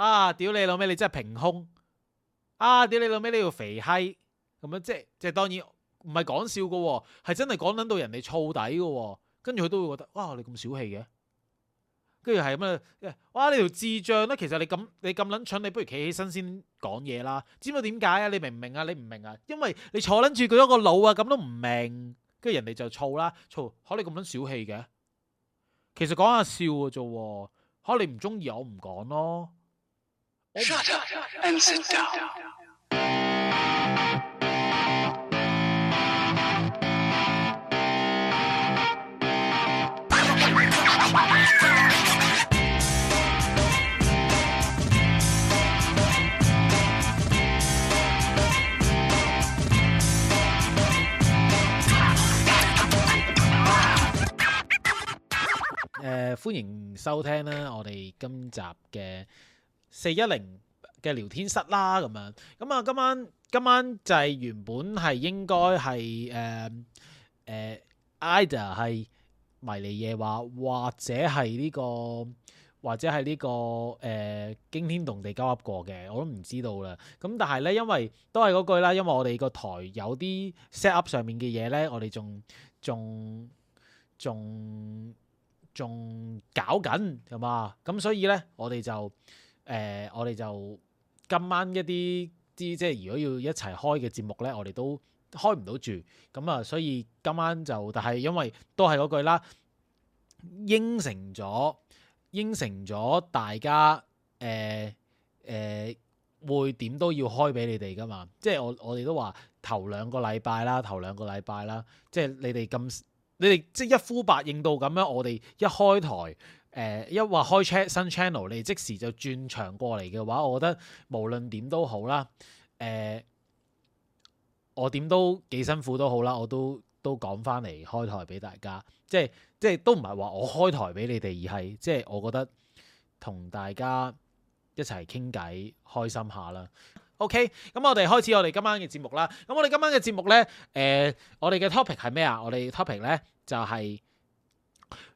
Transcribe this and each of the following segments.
啊！屌你老味，你真係平胸。啊！屌你老味，你條肥閪咁樣，即係即係當然唔係講笑噶，係真係講捻到人哋燥底噶，跟住佢都會覺得哇你咁小氣嘅，跟住係咁啊！哇你條智障啦，其實你咁你咁捻蠢，你不如企起身先講嘢啦。知唔知點解啊？你明唔明啊？你唔明啊？因為你坐捻住佢嗰個腦啊，咁都唔明，跟住人哋就燥啦燥，可你咁捻小氣嘅？其實講下笑噶啫，可、啊、你唔中意我唔講咯。誒，歡迎收聽啦！我哋今集嘅。四一零嘅聊天室啦，咁樣咁啊，今晚今晚就係原本係應該係誒誒，IDA 係迷你夜話，或者係呢個或者係呢個誒驚天動地交握過嘅，我都唔知道啦。咁但係咧，因為都係嗰句啦，因為我哋個台有啲 set up 上面嘅嘢咧，我哋仲仲仲仲搞緊，係嘛？咁所以咧，我哋就。誒、呃，我哋就今晚一啲啲即係如果要一齊開嘅節目呢，我哋都開唔到住。咁、嗯、啊，所以今晚就，但係因為都係嗰句啦，應承咗，應承咗大家，誒、呃、誒、呃，會點都要開俾你哋㗎嘛。即係我我哋都話頭兩個禮拜啦，頭兩個禮拜啦。即係你哋咁，你哋即係一呼百應到咁樣，我哋一開台。誒、呃、一話開 channel 新 channel，你即時就轉場過嚟嘅話，我覺得無論點都好啦。誒、呃，我點都幾辛苦都好啦，我都都講翻嚟開台俾大家，即係即係都唔係話我開台俾你哋，而係即係我覺得同大家一齊傾偈，開心下啦。OK，咁我哋開始我哋今晚嘅節目啦。咁我哋今晚嘅節目呢，誒、呃，我哋嘅 topic 係咩啊？我哋 topic 呢，就係、是。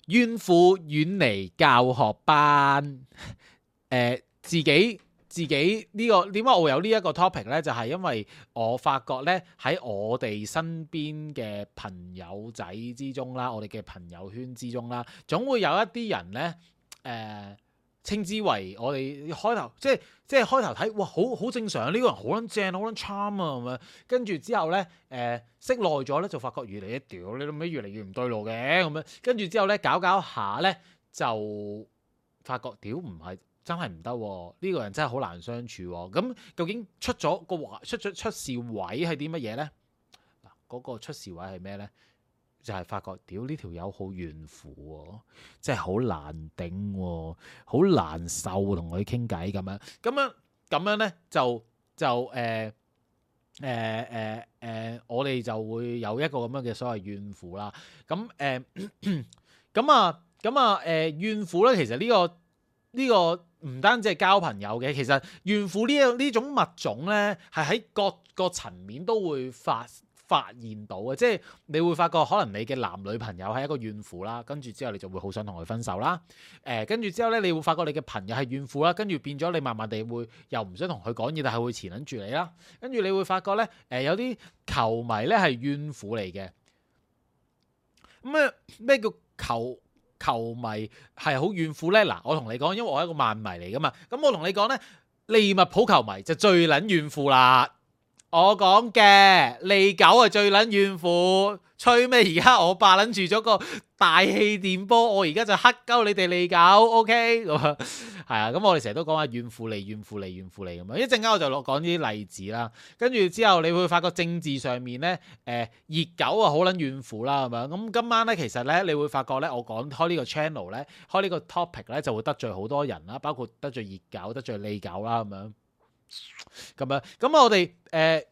怨婦遠離教學班，誒、呃、自己自己呢、這個點解我會有呢一個 topic 咧？就係、是、因為我發覺咧，喺我哋身邊嘅朋友仔之中啦，我哋嘅朋友圈之中啦，總會有一啲人咧誒。呃稱之為我哋開頭，即係即係開頭睇，哇，好好正常，呢、這個人好撚正，好撚 charm 啊咁樣。跟住之後咧，誒識耐咗咧，就發覺越嚟，屌你老母越嚟越唔對路嘅咁樣。跟住之後咧，搞搞下咧，就發覺屌唔係真係唔得，呢個人真係好難相處啊。咁、嗯、究竟出咗個壞，出咗出事位係啲乜嘢咧？嗱，嗰個出事位係咩咧？就係發覺，屌呢條友好怨婦喎，即係好難頂，好難受，同佢傾偈咁樣，咁樣咁樣咧，就就誒誒誒誒，我哋就會有一個咁樣嘅所謂怨婦啦。咁誒咁啊咁啊誒怨婦咧，其實呢個呢個唔單止係交朋友嘅，其實怨婦呢一呢種物種咧，係喺各個層面都會發發現到啊，即係你會發覺可能你嘅男女朋友係一個怨婦啦，跟住之後你就會好想同佢分手啦。誒、呃，跟住之後咧，你會發覺你嘅朋友係怨婦啦，跟住變咗你慢慢地會又唔想同佢講嘢，但係會纏緊住你啦。跟住你會發覺咧，誒、呃、有啲球迷咧係怨婦嚟嘅。咁咩叫球球迷係好怨婦咧？嗱，我同你講，因為我係一個曼迷嚟㗎嘛。咁、嗯、我同你講咧，利物浦球迷就最撚怨婦啦。我講嘅利狗係最撚怨婦，吹咩？而家我霸撚住咗個大氣電波，我而家就黑鳩你哋利狗，OK 咁 啊？係啊，咁我哋成日都講話怨婦嚟，怨婦嚟，怨婦嚟咁樣。一陣間我就落講呢啲例子啦，跟住之後你會發覺政治上面咧，誒、呃、熱狗啊好撚怨婦啦，咁樣，咁今晚咧其實咧，你會發覺咧，我講開呢個 channel 咧，開呢個 topic 咧，就會得罪好多人啦，包括得罪熱狗、得罪利狗啦咁樣。咁樣，咁我哋誒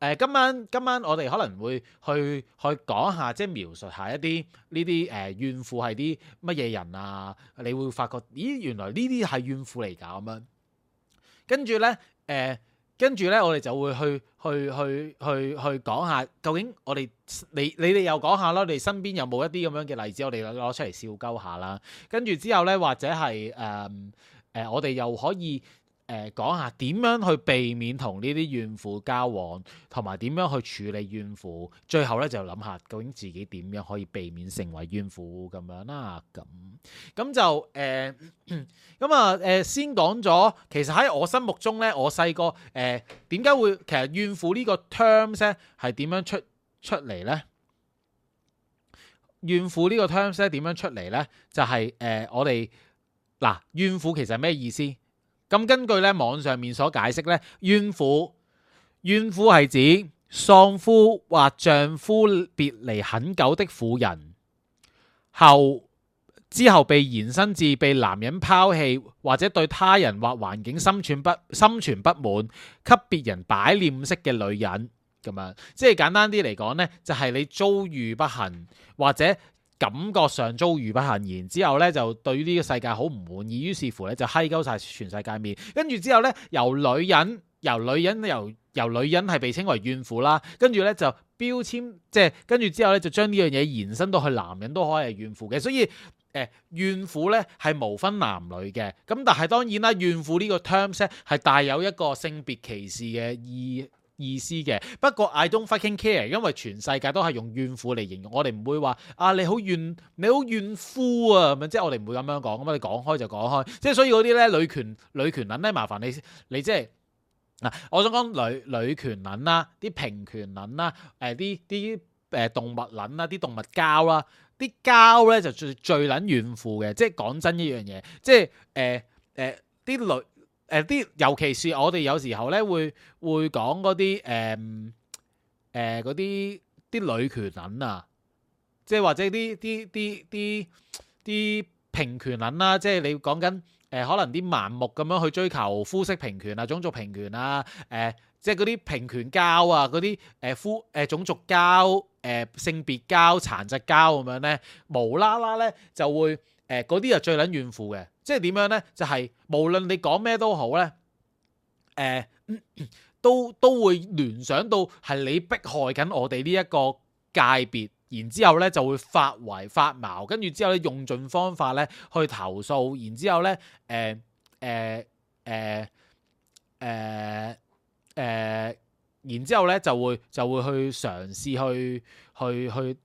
誒，今晚今晚我哋可能會去去講下，即係描述下一啲呢啲誒怨婦係啲乜嘢人啊？你會發覺，咦，原來呢啲係怨婦嚟噶咁樣。跟住咧，誒，跟住咧，我哋就會去去去去去講下，究竟我哋你你哋又講下啦，你身邊有冇一啲咁樣嘅例子，我哋攞出嚟笑鳩下啦。跟住之後咧，或者係誒誒，我哋又可以。誒講下點樣去避免同呢啲怨婦交往，同埋點樣去處理怨婦。最後咧就諗下究竟自己點樣可以避免成為怨婦咁樣啦，啊。咁咁就誒咁啊誒先講咗，其實喺我心目中咧，我細個誒點解會其實怨婦呢個 terms 咧係點樣出出嚟咧？怨婦呢個 terms 咧點樣出嚟咧？就係、是、誒、欸、我哋嗱怨婦其實係咩意思？咁根據咧網上面所解釋咧，怨婦怨婦係指喪夫或丈夫別離很久的婦人，後之後被延伸至被男人拋棄或者對他人或環境心存不心存不滿，給別人擺臉色嘅女人咁樣，即係簡單啲嚟講呢，就係你遭遇不幸或者。感覺上遭遇不幸，然之後咧就對呢個世界好唔滿意，於是乎咧就閪鳩晒全世界面，跟住之後咧由女人、由女人、由由女人係被稱為怨婦啦，跟住咧就標籤，即係跟住之後咧就將呢樣嘢延伸到去男人都可以係怨婦嘅，所以誒怨婦咧係無分男女嘅，咁但係當然啦，怨婦呢個 terms 係帶有一個性別歧視嘅意。意思嘅，不過 I don't fucking care，因為全世界都係用怨婦嚟形容，我哋唔會話啊，你好怨，你好怨婦啊咁啊，即係我哋唔會咁樣講，咁啊你講開就講開，即係所以嗰啲咧女權女權撚咧，麻煩你你即係嗱，我想講女女權撚啦，啲平權撚啦，誒啲啲誒動物撚啦，啲動物膠啦，啲膠咧就最最撚怨婦嘅，即係講真一樣嘢，即係誒誒啲女。誒啲，尤其是我哋有時候咧，會會講嗰啲誒誒啲啲女權撚啊，即係或者啲啲啲啲啲平權撚啦，即係你講緊誒可能啲盲目咁樣去追求膚色平權啊，種族平權啊，誒即係嗰啲平權膠啊，嗰啲誒膚誒種族膠誒性別膠殘疾膠咁樣咧，無啦啦咧就會。誒，嗰啲就最撚怨婦嘅，即係點樣呢？就係、是、無論你講咩都好呢誒、呃，都都會聯想到係你迫害緊我哋呢一個界別，然之後咧就會發圍發矛，跟住之後咧用盡方法呢去投訴，然之後咧，誒、呃，誒、呃，誒、呃呃呃呃呃，然之後咧就會就會去嘗試去去去。去去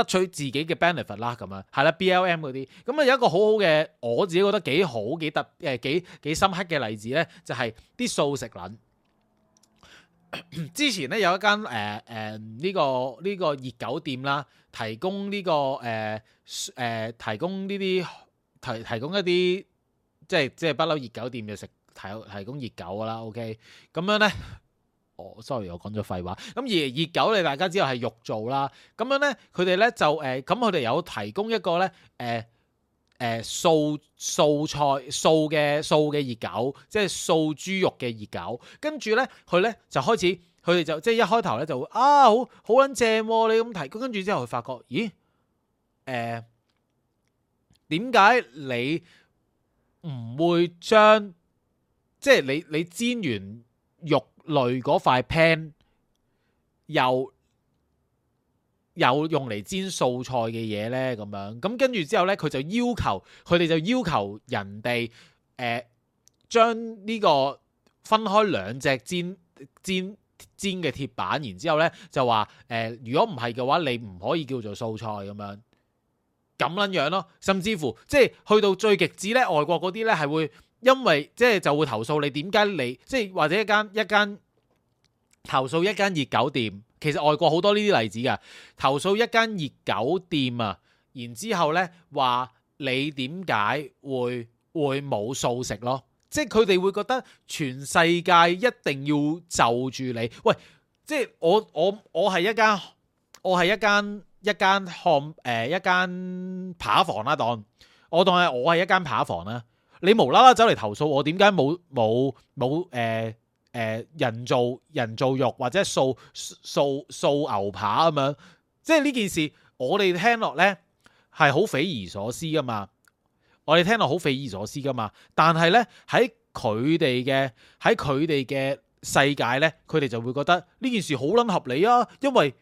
得取自己嘅 benefit 啦，咁樣係啦，BLM 嗰啲，咁啊有一個好好嘅，我自己覺得幾好幾特誒幾幾深刻嘅例子咧，就係、是、啲素食攬。 之前咧有一間誒誒呢個呢、這個熱狗店啦，提供呢、這個誒誒、呃呃、提供呢啲提提供一啲即係即係不嬲熱狗店就食提提供熱狗噶啦，OK，咁樣咧。Sorry，我講咗廢話。咁而熱狗，你大家知道係肉做啦。咁樣咧，佢哋咧就誒，咁佢哋有提供一個咧，誒、呃、誒、呃、素素菜素嘅素嘅熱狗，即係素豬肉嘅熱狗。跟住咧，佢咧就開始，佢哋就即係一開頭咧就會啊，好好撚正、啊，你咁提供。供跟住之後佢發覺，咦，誒、呃，點解你唔會將即係你你煎完肉？類嗰塊 pan 又有用嚟煎素菜嘅嘢呢。咁樣咁跟住之後呢，佢就要求佢哋就要求人哋誒、呃、將呢個分開兩隻煎煎煎嘅鐵板，然之後呢，就話誒、呃，如果唔係嘅話，你唔可以叫做素菜咁樣咁樣樣咯。甚至乎即係去到最極致呢，外國嗰啲呢係會。因為即係、就是、就會投訴你點解你即係、就是、或者一間一間投訴一間熱狗店，其實外國好多呢啲例子噶，投訴一間熱狗店啊，然之後咧話你點解會會冇素食咯？即係佢哋會覺得全世界一定要就住你，喂！即係我我我係一間我係一間一間漢誒一間、呃、扒房啦、啊，我當，我當我當係我係一間扒房啦、啊。你無啦啦走嚟投訴我，點解冇冇冇誒誒人造人造肉或者素素素牛扒咁樣？即係呢件事，我哋聽落咧係好匪夷所思噶嘛。我哋聽落好匪夷所思噶嘛。但係咧，喺佢哋嘅喺佢哋嘅世界咧，佢哋就會覺得呢件事好撚合理啊。因為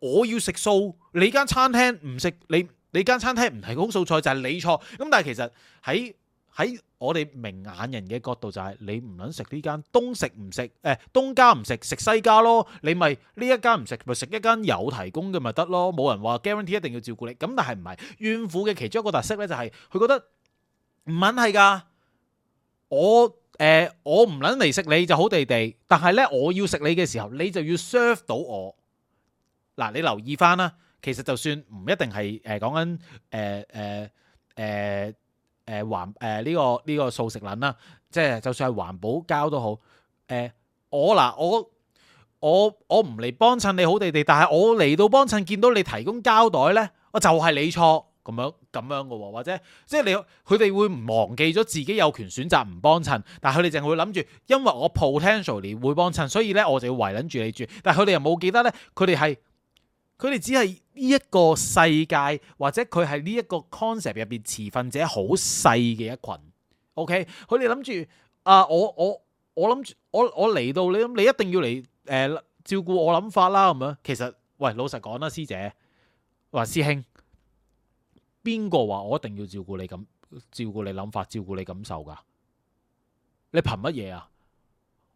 我要食素，你間餐廳唔食，你你間餐廳唔提供素菜就係你錯。咁但係其實喺喺我哋明眼人嘅角度就係，你唔捻食呢間東食唔食，誒、呃、東家唔食食西家咯，你咪呢一間唔食咪食一間有提供嘅咪得咯，冇人話 guarantee 一定要照顧你咁，但係唔係怨婦嘅其中一個特色咧，就係佢覺得唔捻係噶，我誒、呃、我唔捻嚟食你就好地地，但係咧我要食你嘅時候，你就要 serve 到我嗱，你留意翻啦，其實就算唔一定係誒講緊誒誒誒。呃呃呃誒環誒呢個呢、呢個素食撚、呃、啦，即係就算係環保膠都好。誒我嗱我我我唔嚟幫襯你好地哋，但係我嚟到幫襯見到你提供膠袋咧，我就係你錯咁樣咁樣嘅，或者即係你佢哋會唔忘記咗自己有權選擇唔幫襯，但係佢哋淨係會諗住，因為我 potential 會幫襯，所以咧我就要圍撚住你住，但係佢哋又冇記得咧，佢哋係。佢哋只係呢一個世界，或者佢係呢一個 concept 入邊持份者好細嘅一群。OK，佢哋諗住啊，我我我諗住，我我嚟到你諗，你一定要嚟誒、呃、照顧我諗法啦，咁樣。其實，喂，老實講啦，師姐，話師兄，邊個話我一定要照顧你咁照顧你諗法、照顧你感受㗎？你憑乜嘢啊？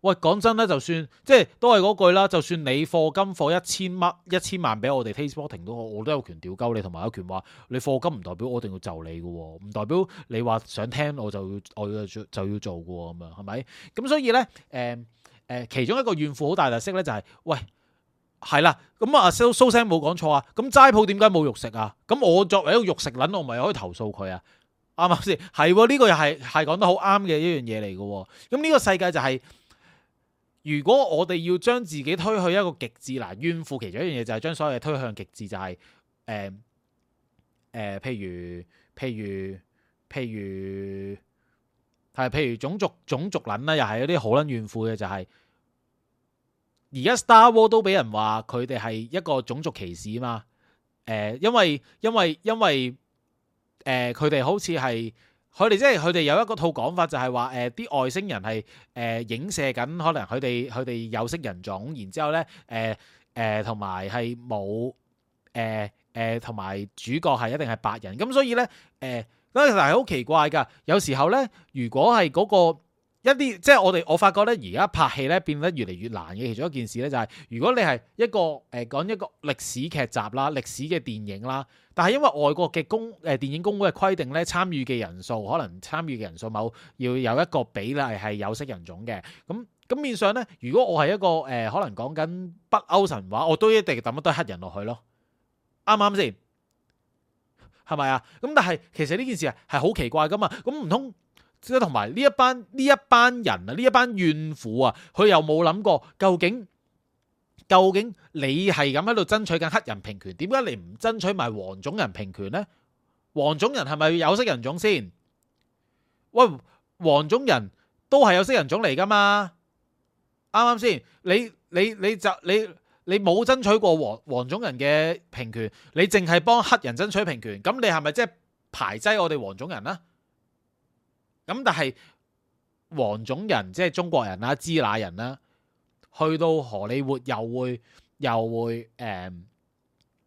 喂，講真咧，就算即係都係嗰句啦，就算你課金課一千蚊、一千萬俾我哋，Facebook 停都好，我都有權屌鳩你，同埋有權話你課金唔代表我一定要就你嘅，唔代表你話想聽我就要，我要做就要做嘅咁啊，係咪？咁所以咧，誒、嗯、誒、嗯，其中一個怨婦好大特色咧、就是，就係喂，係啦，咁、嗯嗯、啊，蘇蘇生冇講錯啊，咁齋鋪點解冇肉食啊？咁、嗯、我作為一個肉食捻，我咪可以投訴佢啊？啱唔啱先？係呢、這個又係係講得好啱嘅一樣嘢嚟嘅，咁呢個世界就係、是。如果我哋要將自己推去一個極致嗱，怨婦其中一樣嘢就係將所有嘢推向極致，就係誒誒，譬如譬如譬如係譬,譬,譬如種族種族撚啦，又係嗰啲好撚怨婦嘅，就係而家 Star Wars 都俾人話佢哋係一個種族歧視嘛，誒、呃，因為因為因為誒佢哋好似係。佢哋即係佢哋有一個套講法就，就係話誒啲外星人係誒、呃、影射緊可能佢哋佢哋有色人種，然之後咧誒誒同埋係冇誒誒同埋主角係一定係白人，咁所以咧誒嗰個其實係好奇怪㗎。有時候咧，如果係嗰、那個。一啲即係我哋，我發覺咧，而家拍戲咧變得越嚟越難嘅。其中一件事咧就係、是，如果你係一個誒、呃、講一個歷史劇集啦、歷史嘅電影啦，但係因為外國嘅公誒電影公會嘅規定咧，參與嘅人數可能參與嘅人數某要有一個比例係有色人種嘅。咁、嗯、咁面上咧，如果我係一個誒、呃、可能講緊北歐神話，我都一定抌一堆黑人落去咯。啱唔啱先？係咪啊？咁但係其實呢件事係好奇怪㗎嘛？咁唔通？同埋呢一班呢一班人啊，呢一班怨婦啊，佢又冇諗過究竟究竟你係咁喺度爭取緊黑人平權，點解你唔爭取埋黃種人平權呢？黃種人係咪有色人種先？喂，黃種人都係有色人種嚟，㗎嘛？啱啱先？你你你，你就你你冇爭取過黃黃種人嘅平權，你淨係幫黑人爭取平權，咁你係咪即係排擠我哋黃種人啊？咁但係黃種人即係中國人啦、支那人啦，去到荷里活又會又會誒，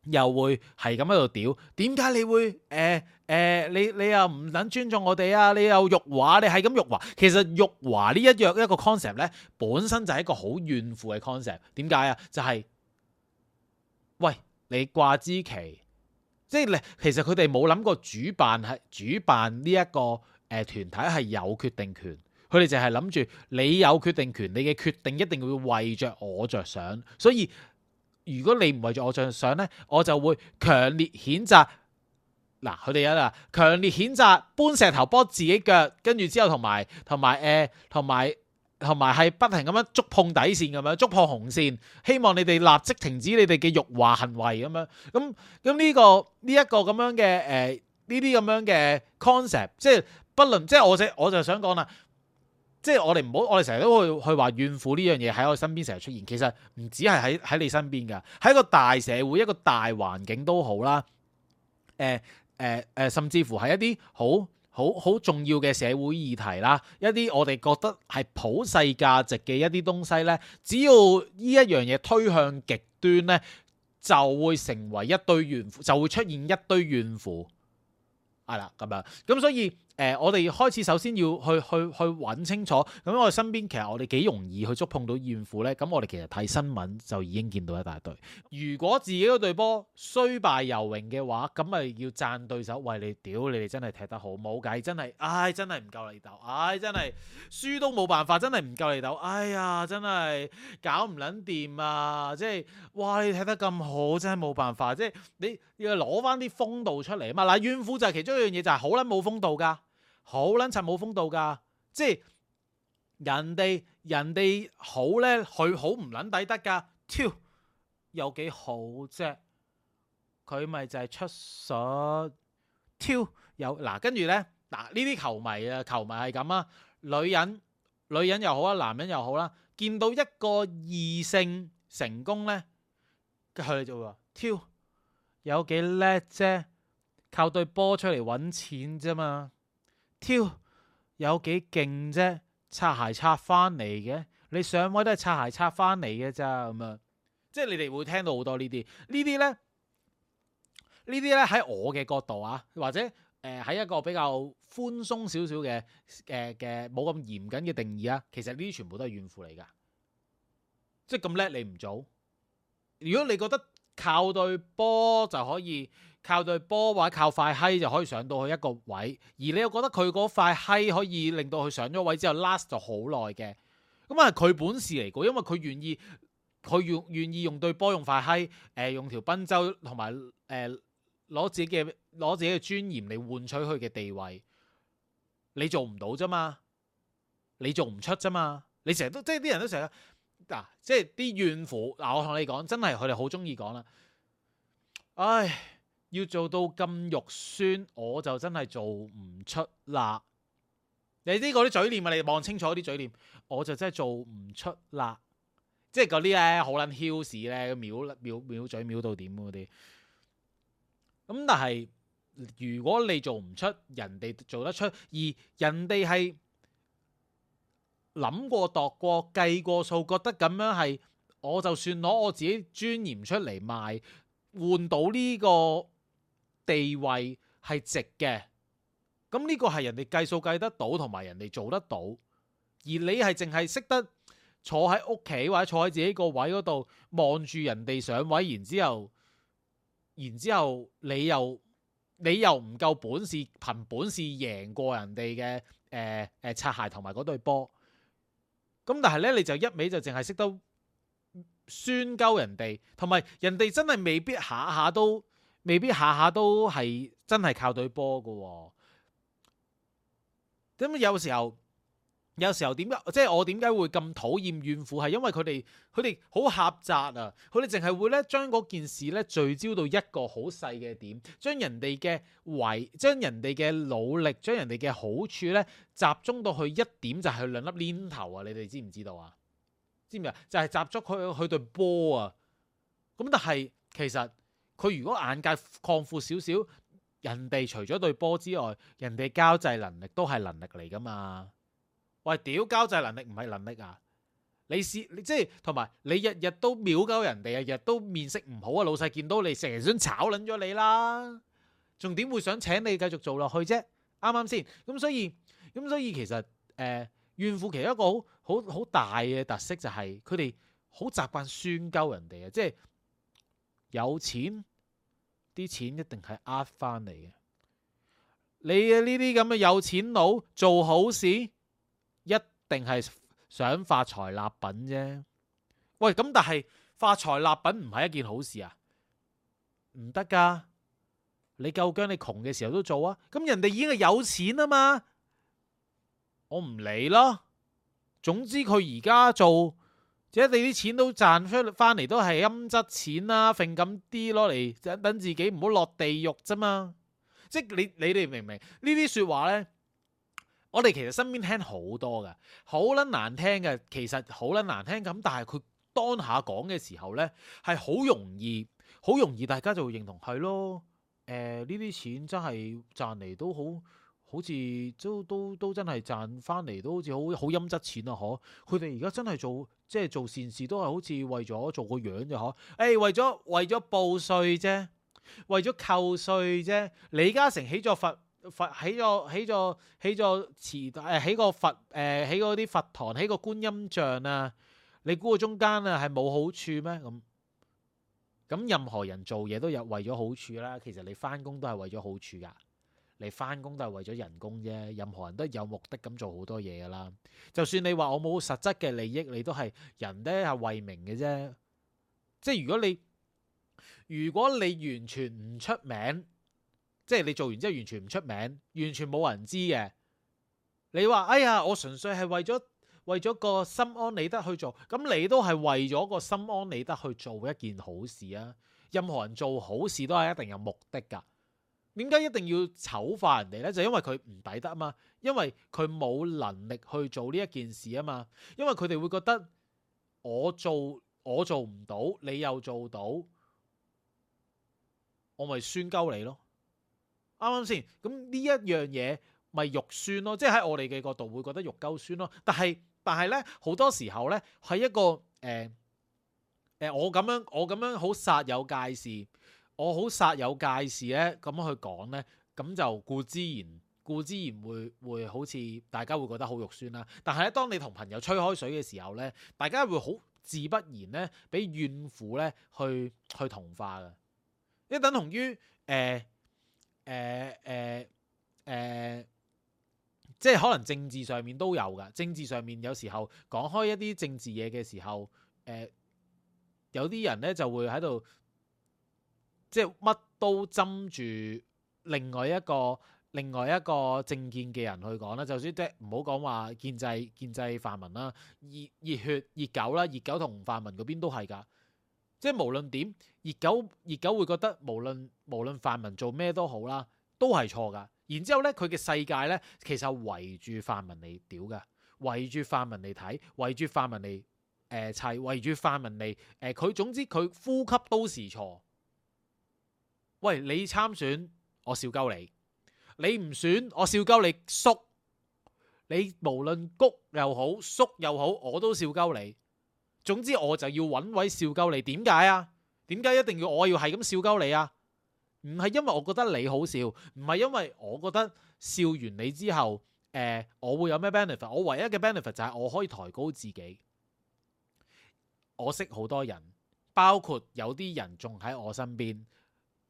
又會係咁喺度屌，點、呃、解你會誒誒、呃呃？你你又唔等尊重我哋啊？你又辱華，你係咁辱華。其實辱華呢一樣一個 concept 咧，本身就係一個好怨婦嘅 concept。點解啊？就係、是、喂，你掛支旗，即係咧，其實佢哋冇諗過主辦係主辦呢一個。誒團體係有決定權，佢哋淨係諗住你有決定權，你嘅決定一定會為着我着想。所以如果你唔為着我着想呢，我就會強烈譴責嗱，佢哋啊，強烈譴責搬石頭幫自己腳，跟住之後同埋同埋誒同埋同埋係不停咁樣觸碰底線，咁樣觸破紅線，希望你哋立即停止你哋嘅辱華行為咁樣。咁咁呢個呢一個咁樣嘅誒呢啲咁樣嘅 concept，即係。不論即係我，就我就想講啦，即係我哋唔好，我哋成日都去去話怨婦呢樣嘢，喺我身邊成日出現，其實唔只係喺喺你身邊噶，喺一個大社會、一個大環境都好啦。誒、呃、誒、呃，甚至乎係一啲好好好重要嘅社會議題啦，一啲我哋覺得係普世價值嘅一啲東西咧，只要呢一樣嘢推向極端咧，就會成為一堆怨婦，就會出現一堆怨婦。係啦，咁樣咁所以。誒、呃，我哋開始首先要去去去揾清楚，咁我哋身邊其實我哋幾容易去觸碰到怨婦呢。咁我哋其實睇新聞就已經見到一大堆。如果自己嗰隊波衰敗遊泳嘅話，咁咪要讚對手，喂你屌，你哋真係踢得好，冇計，真係，唉，真係唔夠你鬥，唉，真係輸都冇辦法，真係唔夠你鬥，哎呀，真係搞唔撚掂啊！即係哇，你踢得咁好，真係冇辦法，即係你，你要攞翻啲風度出嚟啊嘛。嗱，怨婦就係其中一樣嘢，就係好撚冇風度㗎。好撚柒，冇風度噶，即係人哋人哋好叻，佢好唔撚抵得噶，挑，有幾好啫？佢咪就係出所挑有嗱，跟住咧嗱呢啲球迷啊，球迷係咁啊，女人女人又好啦，男人又好啦，見到一個異性成功咧，佢就話，挑有幾叻啫？靠對波出嚟揾錢啫嘛～挑，有幾勁啫？擦鞋擦翻嚟嘅，你上位都係擦鞋擦翻嚟嘅咋咁樣啊，即係你哋會聽到好多呢啲，呢啲咧，呢啲咧喺我嘅角度啊，或者誒喺、呃、一個比較寬鬆少少嘅嘅嘅冇咁嚴謹嘅定義啊，其實呢啲全部都係怨婦嚟噶，即係咁叻你唔做，如果你覺得靠對波就可以。靠對波或者靠快閪就可以上到去一個位，而你又覺得佢嗰塊閪可以令到佢上咗位之後 last 咗好耐嘅，咁啊佢本事嚟嘅，因為佢願意佢用願意用對波用快閪，誒、呃、用條賓州同埋誒攞自己嘅攞自己嘅尊嚴嚟換取佢嘅地位，你做唔到啫嘛，你做唔出啫嘛，你成日都即係啲人都成日嗱，即係啲怨婦嗱，我同你講真係佢哋好中意講啦，唉～要做到咁肉酸，我就真係做唔出啦。你呢嗰啲嘴臉啊，你望清楚啲嘴臉，我就真係做唔出啦。即係嗰啲咧，好撚囂士咧，秒秒秒嘴秒，秒，秒，秒，秒，秒到點嗰啲。咁但係如果你做唔出，人哋做得出，而人哋係諗過、度過、計過計過數，覺得咁樣係，我就算攞我自己尊嚴出嚟賣，換到呢、這個。地位係值嘅，咁、這、呢個係人哋計數計得到，同埋人哋做得到。而你係淨係識得坐喺屋企或者坐喺自己個位度望住人哋上位，然之後，然之後你又你又唔夠本事，憑本事贏過人哋嘅誒誒擦鞋同埋嗰對波。咁但係咧，你就一味就淨係識得酸鳩人哋，同埋人哋真係未必下下都。未必下下都係真係靠對波噶，咁有時候有時候點解，即係我點解會咁討厭怨婦？係因為佢哋佢哋好狹窄啊，佢哋淨係會咧將嗰件事咧聚焦到一個好細嘅點，將人哋嘅圍，將人哋嘅努力將人哋嘅好處咧集中到去一點就係兩粒鏈頭啊！你哋知唔知道啊？知唔知啊？就係、是、集中去佢對波啊！咁但係其實。佢如果眼界擴闊少少，人哋除咗對波之外，人哋交際能力都係能力嚟噶嘛？喂，屌交際能力唔係能力啊！你試，你即係同埋你日日都秒鳩人哋，日日都面色唔好啊，老細見到你成日想炒撚咗你啦，仲點會想請你繼續做落去啫？啱啱先？咁所以咁所以其實誒、呃、怨婦其中一個好好好大嘅特色就係佢哋好習慣宣鳩人哋啊，即係。有錢啲錢一定係呃翻嚟嘅，你嘅呢啲咁嘅有錢佬做好事，一定係想發財立品啫。喂，咁但係發財立品唔係一件好事啊，唔得噶。你夠驚你窮嘅時候都做啊？咁人哋已經係有錢啊嘛，我唔理咯。總之佢而家做。即係你啲錢都賺出翻嚟都係陰質錢啦，啊，馳咁啲攞嚟等等自己唔好落地獄啫嘛！即係你你哋明唔明呢啲說話呢，我哋其實身邊聽好多㗎，好撚難聽嘅，其實好撚難聽咁，但係佢當下講嘅時候呢，係好容易，好容易大家就會認同係咯。誒呢啲錢真係賺嚟都好。好似都都都真係賺翻嚟都好似好好陰質錢啊！可佢哋而家真係做即係、就是、做善事都係好似為咗做個樣，就可誒為咗為咗報稅啫，為咗扣稅啫。李嘉誠起咗佛佛起咗起咗起咗祠誒起個、呃、佛誒、呃、起嗰啲佛堂起個觀音像啊！你估個中間啊係冇好處咩？咁咁任何人做嘢都有為咗好處啦。其實你翻工都係為咗好處㗎。你翻工都係為咗人工啫，任何人都有目的咁做好多嘢噶啦。就算你話我冇實質嘅利益，你都係人哋係為名嘅啫。即係如果你如果你完全唔出名，即係你做完之後完全唔出名，完全冇人知嘅，你話哎呀，我純粹係為咗為咗個心安理得去做，咁你都係為咗個心安理得去做一件好事啊！任何人做好事都係一定有目的噶。點解一定要醜化人哋呢？就因為佢唔抵得啊嘛，因為佢冇能力去做呢一件事啊嘛，因為佢哋會覺得我做我做唔到，你又做到，我咪酸鳩你咯。啱啱先？咁呢一樣嘢咪肉酸咯，即係喺我哋嘅角度會覺得肉鳩酸咯。但係但係咧，好多時候呢，係一個誒、呃呃、我咁樣我咁樣好煞有介事。我好煞有介事咧，咁樣去講呢，咁就固之然，固之然會會好似大家會覺得好肉酸啦。但係咧，當你同朋友吹開水嘅時候呢，大家會好自不然呢，俾怨婦呢去去同化嘅。亦等同於誒誒誒誒，即係可能政治上面都有㗎。政治上面有時候講開一啲政治嘢嘅時候，誒、呃、有啲人呢就會喺度。即係乜都針住另外一個另外一個政見嘅人去講啦。就算即係唔好講話建制建制、泛民啦，熱熱血、熱狗啦，熱狗同泛民嗰邊都係㗎。即係無論點熱狗，熱狗會覺得無論無論泛民做咩都好啦，都係錯㗎。然之後呢，佢嘅世界呢，其實係圍住泛民嚟屌㗎，圍住泛民嚟睇，圍住泛民嚟、誒砌，圍住泛民嚟誒，佢總之佢呼吸都係錯。喂，你參選，我笑鳩你；你唔選，我笑鳩你叔。你無論谷又好，叔又好，我都笑鳩你。總之我就要搵位笑鳩你。點解啊？點解一定要我要係咁笑鳩你啊？唔係因為我覺得你好笑，唔係因為我覺得笑完你之後，呃，我會有咩 benefit？我唯一嘅 benefit 就係我可以抬高自己。我識好多人，包括有啲人仲喺我身邊。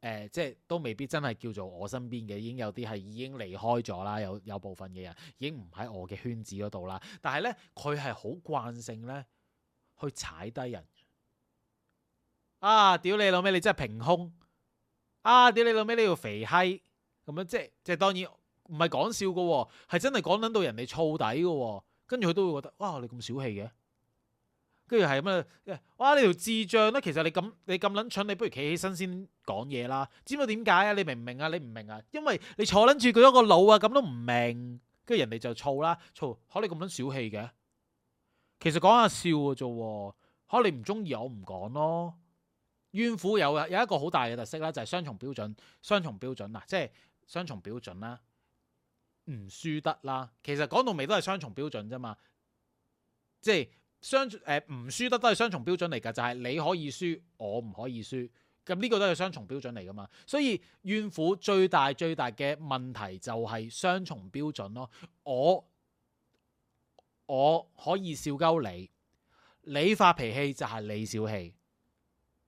誒、呃，即係都未必真係叫做我身邊嘅，已經有啲係已經離開咗啦，有有部分嘅人已經唔喺我嘅圈子嗰度啦。但係咧，佢係好慣性咧去踩低人，啊，屌你老味，你真係平胸啊，屌你老味，你要肥閪，咁樣即係即係當然唔係講笑噶，係真係講捻到人哋燥底噶，跟住佢都會覺得，哇，你咁小氣嘅。跟住係咁啊！哇，你條智障咧，其實你咁你咁撚蠢，你不如企起身先講嘢啦。知唔知點解啊？你明唔明啊？你唔明啊？因為你坐撚住佢一個腦啊，咁都唔明。跟住人哋就燥啦，燥！可你咁撚小氣嘅，其實講下笑嘅啫。可、啊、你唔中意我唔講咯。怨婦有啊，有一個好大嘅特色啦，就係、是、雙重標準，雙重標準啊，即係雙重標準啦。唔輸得啦，其實講到尾都係雙重標準啫嘛，即係。雙誒唔輸得都係雙重標準嚟噶就係你可以輸，我唔可以輸。咁呢個都係雙重標準嚟噶嘛。所以怨婦最大最大嘅問題就係雙重標準咯。我我可以笑鳩你，你發脾氣就係你小氣。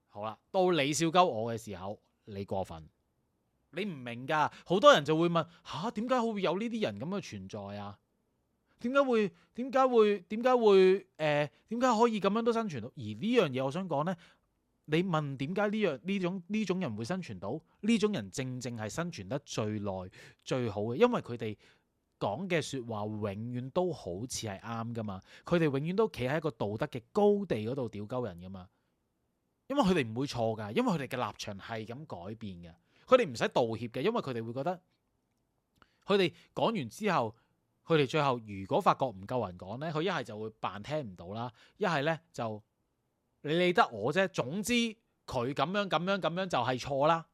好啦，到你笑鳩我嘅時候，你過分。你唔明噶，好多人就會問吓，點解會有呢啲人咁嘅存在啊？點解會點解會點解會誒點解可以咁樣都生存到？而呢樣嘢，我想講呢，你問點解呢樣呢種呢種人會生存到？呢種人正正係生存得最耐、最好嘅，因為佢哋講嘅說話永遠都好似係啱㗎嘛。佢哋永遠都企喺一個道德嘅高地嗰度屌鳩人㗎嘛。因為佢哋唔會錯㗎，因為佢哋嘅立場係咁改變嘅。佢哋唔使道歉嘅，因為佢哋會覺得佢哋講完之後。佢哋最後如果發覺唔夠人講呢，佢一係就會扮聽唔到啦，一係呢就你理得我啫。總之佢咁樣咁樣咁樣就係錯啦。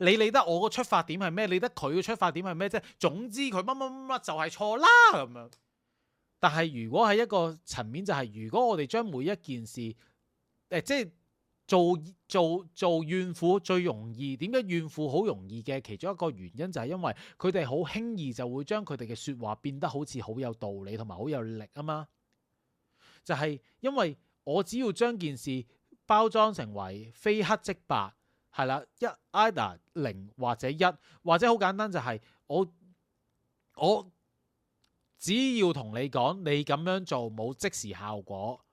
你理得我個出發點係咩？理得佢個出發點係咩啫？總之佢乜乜乜乜就係錯啦咁樣。但係如果喺一個層面就係、是，如果我哋將每一件事即係。做做做怨婦最容易，點解怨婦好容易嘅其中一個原因就係因為佢哋好輕易就會將佢哋嘅說話變得好似好有道理同埋好有力啊嘛，就係因為我只要將件事包裝成為非黑即白，係啦，一 either 零，或者一，或者好簡單就係我我只要同你講你咁樣做冇即時效果。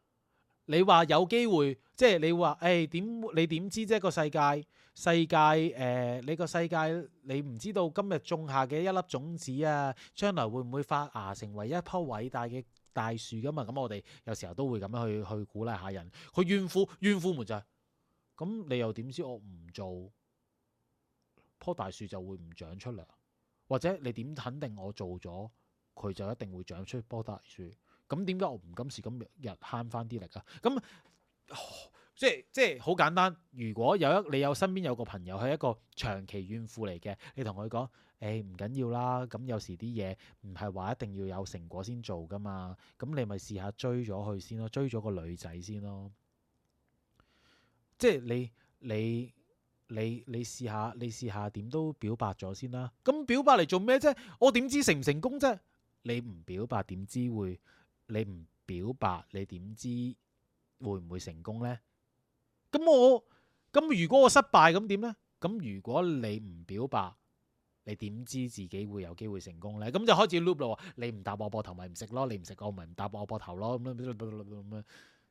你話有機會，即係你話，誒、哎、點你點知？即係個世界，世界誒、呃，你個世界，你唔知道今日種下嘅一粒種子啊，將來會唔會發芽成為一棵偉大嘅大樹㗎嘛？咁我哋有時候都會咁樣去去鼓勵下人。佢怨婦怨婦咪就係、是、咁，你又點知我唔做棵大樹就會唔長出嚟？或者你點肯定我做咗，佢就一定會長出棵大樹？咁點解我唔今時今日慳翻啲力啊？咁、哦、即係即係好簡單。如果有一你有身邊有個朋友係一個長期怨婦嚟嘅，你同佢講：誒、欸，唔緊要啦。咁有時啲嘢唔係話一定要有成果先做噶嘛。咁你咪試下追咗佢先咯，追咗個女仔先咯。即係你你你你試下，你試下點都表白咗先啦。咁表白嚟做咩啫？我點知成唔成功啫？你唔表白點知會？你唔表白，你點知會唔會成功呢？咁我咁如果我失敗，咁點呢？咁如果你唔表白，你點知自己會有機會成功呢？咁就開始 loop 咯。你唔搭我膊頭，咪唔食咯。你唔食我，咪唔搭我膊頭咯。咁樣咁樣，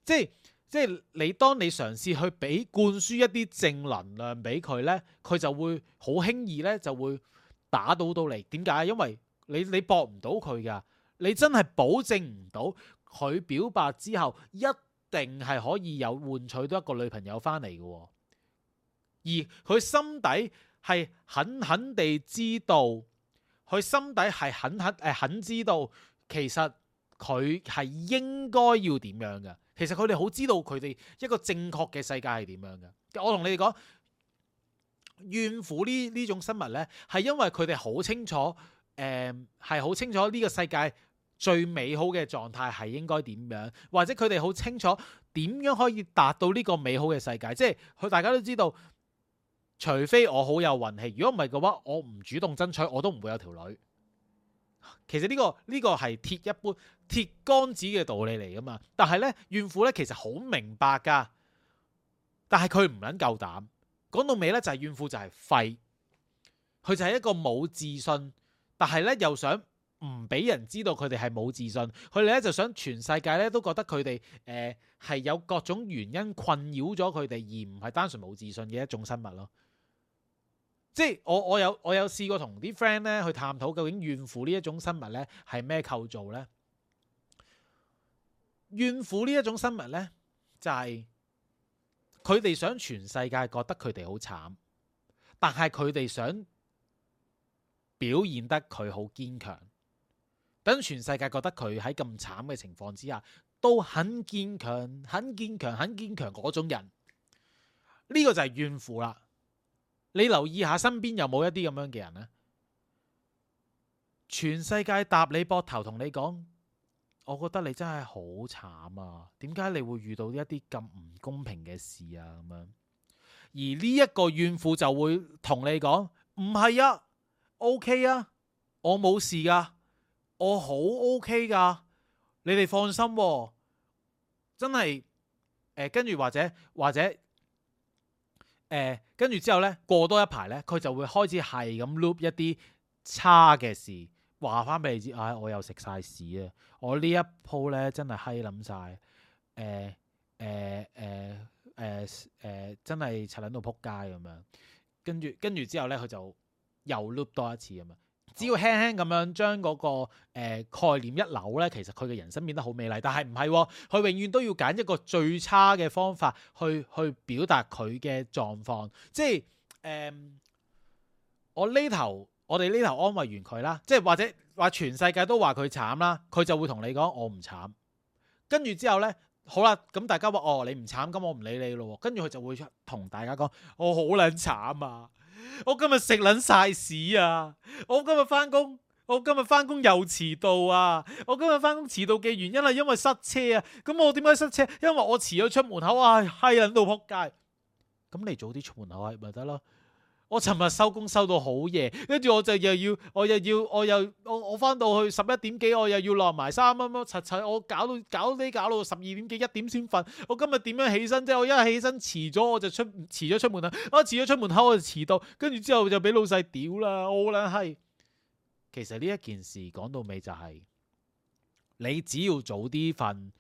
即係即係你當你嘗試去俾灌輸一啲正能量俾佢呢，佢就會好輕易呢，就會打到到你。點解？因為你你搏唔到佢噶。你真係保證唔到佢表白之後一定係可以有換取到一個女朋友翻嚟嘅，而佢心底係狠狠地知道，佢心底係狠狠誒、呃、知道其，其實佢係應該要點樣嘅。其實佢哋好知道佢哋一個正確嘅世界係點樣嘅。我同你哋講，怨婦呢呢種生物呢，係因為佢哋好清楚，誒係好清楚呢個世界。最美好嘅狀態係應該點樣？或者佢哋好清楚點樣可以達到呢個美好嘅世界？即係佢大家都知道，除非我好有運氣，如果唔係嘅話，我唔主動爭取，我都唔會有條女。其實呢個呢個係鐵一般鐵桿子嘅道理嚟㗎嘛。但係呢，怨婦呢其實好明白㗎，但係佢唔撚夠膽。講到尾呢，就係、係、怨婦就係廢，佢就係一個冇自信，但係呢又想。唔俾人知道佢哋係冇自信，佢哋咧就想全世界咧都覺得佢哋誒係有各種原因困擾咗佢哋，而唔係單純冇自信嘅一種生物咯。即係我我有我有試過同啲 friend 咧去探討究竟怨婦呢一種生物咧係咩構造呢？怨婦呢一種生物呢，就係佢哋想全世界覺得佢哋好慘，但係佢哋想表現得佢好堅強。想全世界覺得佢喺咁慘嘅情況之下都很堅強、很堅強、很堅強嗰種人，呢個就係怨婦啦。你留意下身邊有冇一啲咁樣嘅人咧？全世界搭你膊頭同你講，我覺得你真係好慘啊！點解你會遇到一啲咁唔公平嘅事啊？咁樣而呢一個怨婦就會同你講：唔係啊，OK 啊，我冇事噶。我、哦、好 OK 噶，你哋放心、哦，真係，誒、呃，跟住或者或者，誒，呃、跟住之後咧，過多一排咧，佢就會開始係咁 loop 一啲差嘅事，話翻俾你知，啊、哎，我又食晒屎啦，我呢一鋪咧真係嗨諗晒，誒誒誒誒誒，真係柒捻到扑街咁樣，跟住跟住之後咧，佢就又 loop 多一次咁樣。只要輕輕咁樣將嗰個、呃、概念一扭呢，其實佢嘅人生變得好美麗。但係唔係，佢永遠都要揀一個最差嘅方法去去表達佢嘅狀況。即係誒、呃，我呢頭我哋呢頭安慰完佢啦，即係或者話全世界都話佢慘啦，佢就會同你講我唔慘。跟住之後呢，好啦，咁大家話哦你唔慘，咁我唔理你咯。跟住佢就會同大家講我好撚慘啊！我今日食捻晒屎啊！我今日翻工，我今日翻工又遲到啊！我今日翻工遲到嘅原因係因為塞車啊！咁我點解塞車？因為我遲咗出門口啊，喺捻到仆街。咁你早啲出門口啊，咪得咯。我尋日收工收到好夜，跟住我就又要，我又要，我又我翻到去十一點幾，我又要落埋衫乜乜柒柒，我搞到搞低搞到十二點幾一點先瞓。我今日點樣起身啫？我一起身遲咗我就出遲咗出門啦，我遲咗出門口，啊，出門口我就遲到，跟住之後就俾老細屌啦，好撚閪。其實呢一件事講到尾就係、係，你只要早啲瞓，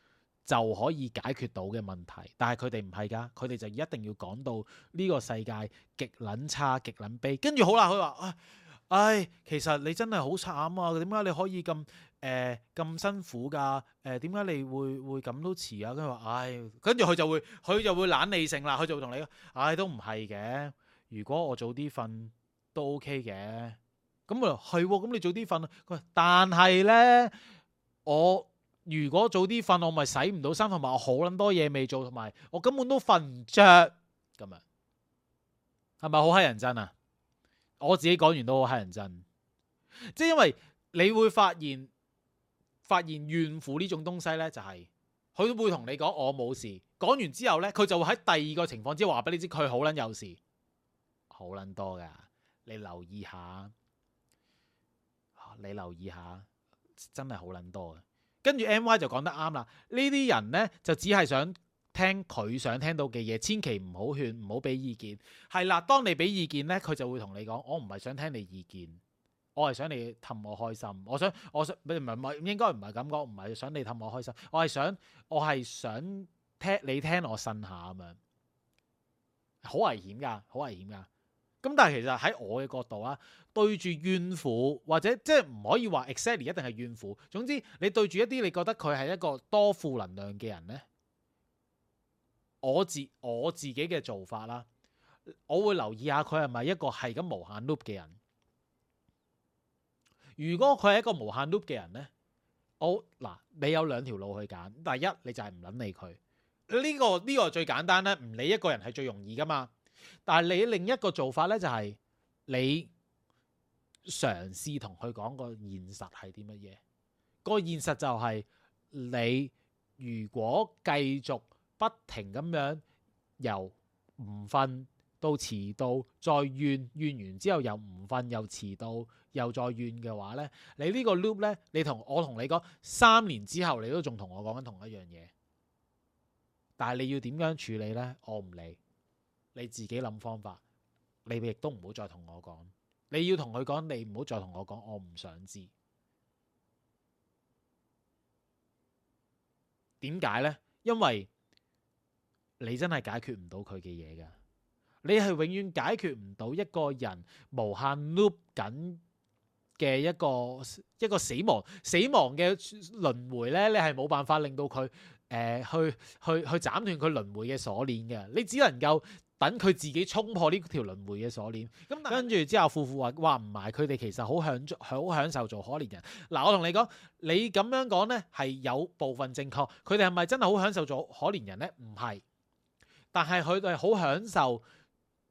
就可以解決到嘅問題，但係佢哋唔係㗎，佢哋就一定要講到呢個世界極撚差、極撚悲。跟住好啦，佢話：唉、哎，其實你真係好慘啊！點解你可以咁誒咁辛苦㗎、啊？誒點解你會會咁都遲啊？跟住話：唉、哎，跟住佢就會佢就，就會懶理性啦，佢就會同你講：唉、哎，都唔係嘅。如果我早啲瞓都 OK 嘅，咁佢係喎，咁你早啲瞓。佢但係咧，我。如果早啲瞓，我咪洗唔到衫，同埋我好撚多嘢未做，同埋我根本都瞓唔着。今日係咪好乞人憎啊？我自己講完都好乞人憎，即係因為你會發現，發現怨婦呢種東西呢，就係佢都會同你講我冇事。講完之後呢，佢就會喺第二個情況之下話俾你知，佢好撚有事，好撚多噶。你留意下，你留意下，真係好撚多。跟住 M Y 就講得啱啦，呢啲人呢，就只係想聽佢想聽到嘅嘢，千祈唔好勸，唔好俾意見。係啦，當你俾意見呢，佢就會同你講：我唔係想聽你意見，我係想你氹我開心。我想，我想，唔係唔係，應該唔係咁講，唔係想你氹我開心，我係想，我係想聽你聽我呻下咁樣，好危險噶，好危險噶。咁但係其實喺我嘅角度啊，對住怨婦或者即係唔可以話 exactly 一定係怨婦。總之你對住一啲你覺得佢係一個多負能量嘅人呢，我自我自己嘅做法啦，我會留意下佢係咪一個係咁無限 loop 嘅人。如果佢係一個無限 loop 嘅人呢，好、oh, 嗱，你有兩條路去揀。第一你就係唔諗理佢，呢、呢個呢、呢個最簡單咧，唔理一個人係最容易噶嘛。但係你另一個做法咧，就係你嘗試同佢講，個現實係啲乜嘢？個現實就係你如果繼續不停咁樣由唔瞓到遲到，再怨怨完之後又唔瞓又遲到又再怨嘅話咧，你呢個 loop 咧，你同我同你講三年之後，你都仲同我講緊同一樣嘢。但係你要點樣處理咧？我唔理。你自己諗方法，你亦都唔好再同我講。你要同佢講，你唔好再同我講，我唔想知。點解呢？因為你真係解決唔到佢嘅嘢噶你係永遠解決唔到一個人無限 loop 緊嘅一個一個死亡死亡嘅輪迴呢。你係冇辦法令到佢誒去去去斬斷佢輪迴嘅鎖鏈嘅，你只能夠。等佢自己衝破呢條輪迴嘅鎖鏈，跟住是之後，夫婦話，話唔埋佢哋其實好享好享受做可憐人。嗱，我同你講，你咁樣講呢，係有部分正確。佢哋係咪真係好享受做可憐人呢？唔係，但係佢哋好享受，誒、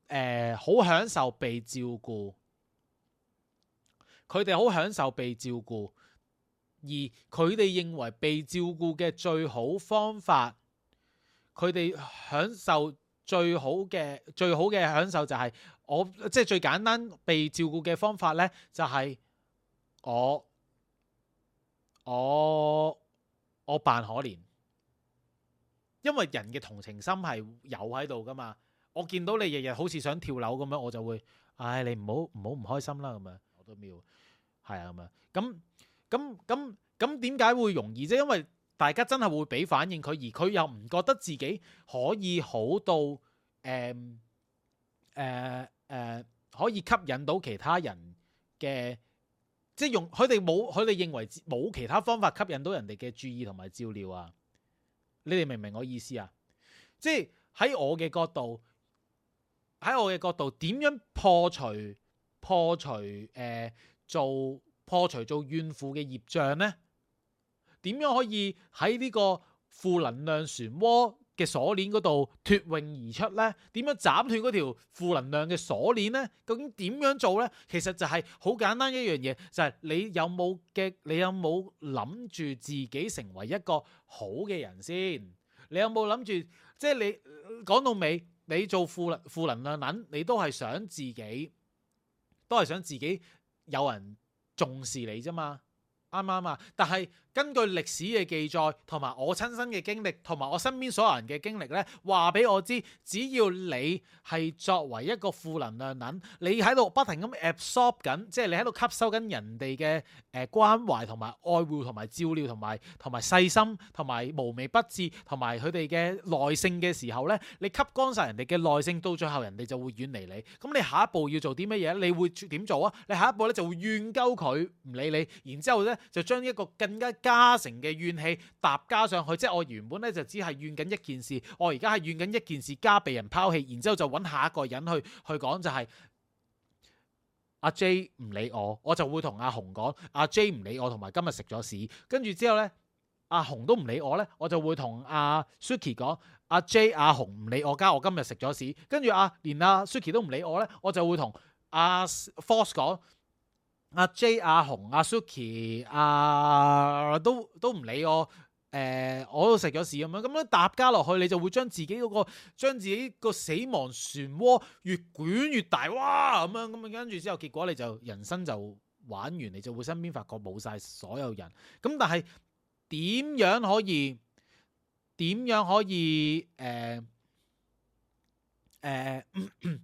呃，好享受被照顧。佢哋好享受被照顧，而佢哋認為被照顧嘅最好方法，佢哋享受。最好嘅最好嘅享受就係，我即係最簡單被照顧嘅方法呢，就係我我我扮可憐，因為人嘅同情心係有喺度㗎嘛。我見到你日日好似想跳樓咁樣，我就會，唉、哎，你唔好唔好唔開心啦咁樣。我都妙，係啊咁樣。咁咁咁咁點解會容易啫？因為大家真係會俾反應佢，而佢又唔覺得自己可以好到誒誒誒，可以吸引到其他人嘅，即係用佢哋冇佢哋認為冇其他方法吸引到人哋嘅注意同埋照料啊！你哋明唔明我意思啊？即係喺我嘅角度，喺我嘅角度，點樣破除破除誒、呃、做破除做怨婦嘅業障呢？點樣可以喺呢個負能量漩渦嘅鎖鏈嗰度脫穎而出呢？點樣斬斷嗰條負能量嘅鎖鏈呢？究竟點樣做呢？其實就係好簡單一樣嘢，就係、是、你有冇嘅，你有冇諗住自己成為一個好嘅人先？你有冇諗住即係你講到尾，你做負負能量撚，你都係想自己，都係想自己有人重視你啫嘛？啱唔啱啊？但係。根據歷史嘅記載，同埋我親身嘅經歷，同埋我身邊所有人嘅經歷咧，話俾我知，只要你係作為一個負能量人，你喺度不停咁 absorb 緊，即係你喺度吸收緊人哋嘅誒關懷同埋愛護同埋照料同埋同埋細心同埋無微不至同埋佢哋嘅耐性嘅時候咧，你吸乾晒人哋嘅耐性，到最後人哋就會遠離你。咁你下一步要做啲乜嘢？你會點做啊？你下一步咧就會怨鳩佢唔理你，然之後咧就將一個更加～加成嘅怨氣疊加上去，即係我原本咧就只係怨緊一件事，我而家係怨緊一件事加被人拋棄，然之後就揾下一個人去去講，就係阿 J 唔理我，我就會同阿紅講，阿 J 唔理我同埋今日食咗屎，跟住之後呢，阿紅都唔理我呢，我就會同阿 Suki 講，阿 J 阿紅唔理我加我今日食咗屎，跟住阿連阿 Suki 都唔理我呢，我就會同阿 Force 講。阿 J、阿雄、阿、啊、Suki、阿都都唔理我，誒、呃，我都食咗屎咁樣。咁樣搭加落去，你就會將自己嗰個將自己、嗰個自己個死亡漩渦越捲越大，哇！咁樣咁樣，跟住之後結果你就人生就玩完，你就會身邊發覺冇晒所有人。咁但係點樣可以？點樣可以？誒誒誒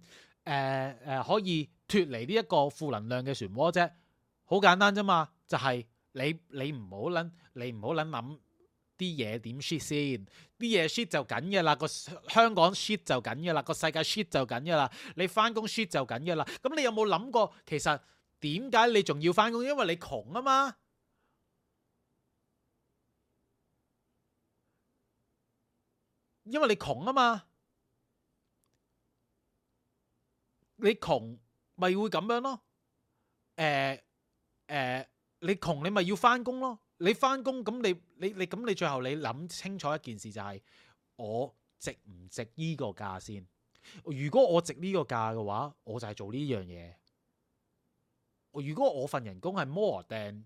誒可以？脱離呢一個負能量嘅漩渦啫，好簡單啫嘛，就係你你唔好諗，你唔好諗諗啲嘢點 shit 先，啲嘢 shit 就緊嘅啦，個香港 shit 就緊嘅啦，個世界 shit 就緊嘅啦，你翻工 shit 就緊嘅啦。咁你有冇諗過其實點解你仲要翻工？因為你窮啊嘛，因為你窮啊嘛，你窮。咪會咁樣咯。誒、呃、誒、呃，你窮你咪要翻工咯。你翻工咁你你你咁你最後你諗清楚一件事就係我值唔值呢個價先？如果我值呢個價嘅話，我就係做呢樣嘢。如果我份人工係 more than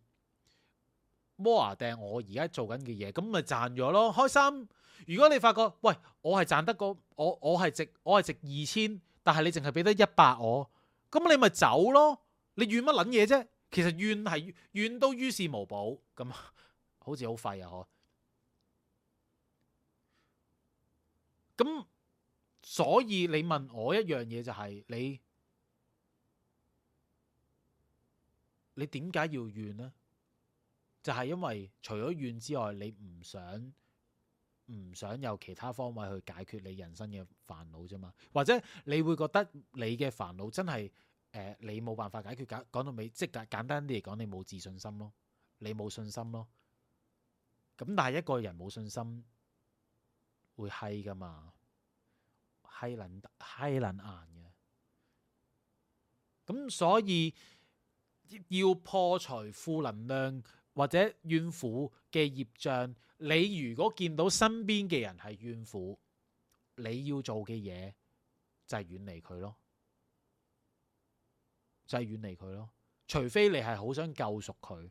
more than 我而家做緊嘅嘢，咁咪賺咗咯，開心。如果你發覺喂我係賺得過我我係值我係值二千，但係你淨係俾得一百我。我咁你咪走咯，你怨乜撚嘢啫？其實怨係怨都於事無補，咁好似好廢啊！嗬，咁所以你問我一樣嘢就係你，你點解要怨呢？就係因為除咗怨之外，你唔想。唔想有其他方位去解決你人生嘅煩惱啫嘛，或者你會覺得你嘅煩惱真係誒、呃，你冇辦法解決。講講到尾，即係簡單啲嚟講，你冇自信心咯，你冇信心咯。咁但係一個人冇信心，會閪㗎嘛，閪撚閪撚硬嘅。咁所以要破除負能量或者怨婦嘅業障。你如果見到身邊嘅人係怨婦，你要做嘅嘢就係遠離佢咯，就係遠離佢咯。除非你係好想救贖佢，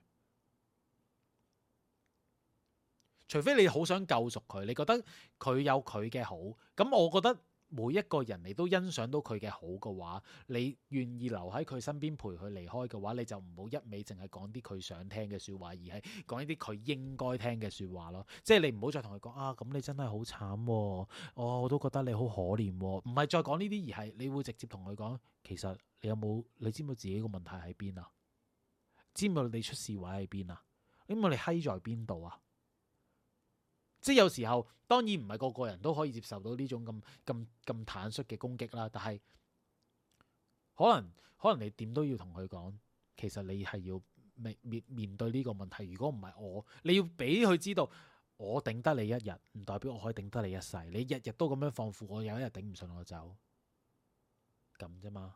除非你好想救贖佢，你覺得佢有佢嘅好，咁我覺得。每一個人你都欣賞到佢嘅好嘅話，你願意留喺佢身邊陪佢離開嘅話，你就唔好一味淨係講啲佢想聽嘅說話，而係講一啲佢應該聽嘅說話咯。即係你唔好再同佢講啊，咁你真係好慘，我、哦、我都覺得你好可憐、哦。唔係再講呢啲，而係你會直接同佢講，其實你有冇，你知唔知自己個問題喺邊啊？知唔知你出事位喺邊啊？咁我哋閪在邊度啊？即係有時候，當然唔係個個人都可以接受到呢種咁咁咁坦率嘅攻擊啦。但係可能可能你點都要同佢講，其實你係要面面對呢個問題，如果唔係我，你要俾佢知道，我頂得你一日，唔代表我可以頂得你一世。你日日都咁樣放肆，我有一日頂唔順我走咁啫嘛。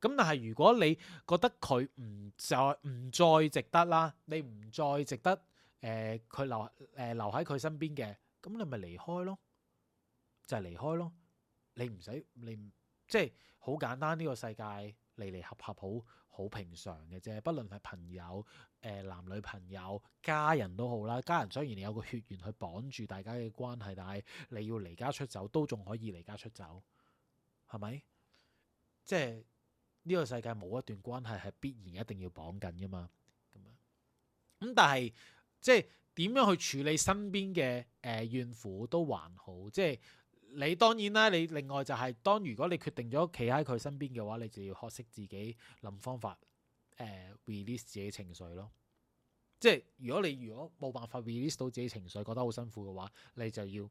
咁但係如果你覺得佢唔再唔再值得啦，你唔再值得。誒佢、呃、留誒、呃、留喺佢身邊嘅，咁你咪離開咯，就係、是、離開咯。你唔使你即係好簡單呢、這個世界離離合合好，好好平常嘅啫。不論係朋友誒、呃、男女朋友、家人都好啦。家人雖然你有個血緣去綁住大家嘅關係，但係你要離家出走都仲可以離家出走，係咪？即係呢、這個世界冇一段關係係必然一定要綁緊㗎嘛。咁但係。即係點樣去處理身邊嘅誒怨婦都還好，即係你當然啦。你另外就係當如果你決定咗企喺佢身邊嘅話，你就要學識自己諗方法，誒、呃、release 自己情緒咯。即係如果你如果冇辦法 release 到自己情緒，覺得好辛苦嘅話，你就要